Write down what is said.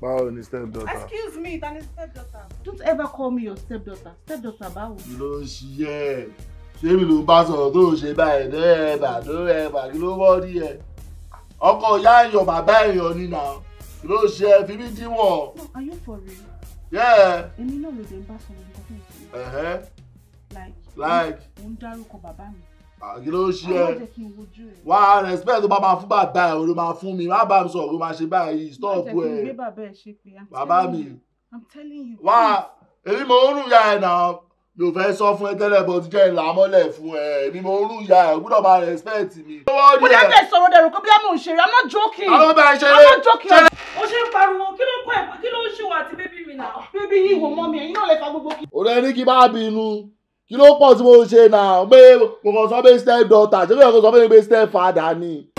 báwo ni stepdaughter. excuse me ta ni stepdaughter. don't ever call me your stepdaughter stepdaughter Bao. No, she ń ṣiyẹ sẹ́mi ló bá sọ̀rọ̀ tó ṣe báyìí ló ẹ̀ bà ló ẹ̀ bà kí ló wọ́n rí ẹ̀ ọkọ ìyá èèyàn bàbá ni nà kí ló ṣe ẹ fi mí dín are you for real. yeah. èmi náà lè dé bá sọ̀rọ̀ nǹkan tó ń sọ. like like. mo ń dárúkọ mi. Ah, kí ló ń ṣe ẹ wà á respect ló bá máa fún bàbá ẹ ló máa fún mi má bá mi sọ̀rọ̀ ló máa ṣe báyìí stop ẹ bàbá mi wà á èmi mo ń rùn ya ẹ̀ náà mi ò fẹ́ sọ fún ẹ tẹ́lẹ̀ bọ́ ti jẹ́ ìlà mọ́lẹ̀ fún ẹ èmi mo ń rùn ya ẹ̀ gbọ́dọ̀ máa respect mi. mo dẹ́ sọ̀rọ̀ dẹ̀rù kó bí a mò ń ṣeré i'm not joking i'm not joking ó ṣe ń pariwo kí ló ń kọ́ ẹ̀ kí ló ń ṣe wà àti bébí mi náà bébí yìí wò mọ́ mi ẹ̀yin náà lè fa gbogbo kí. òun ẹni kí bá bínú kí ló pọ̀ tí mo ṣe náà pé mo kàn sọ pé step daughter ṣé mo kàn sọ pé step father ni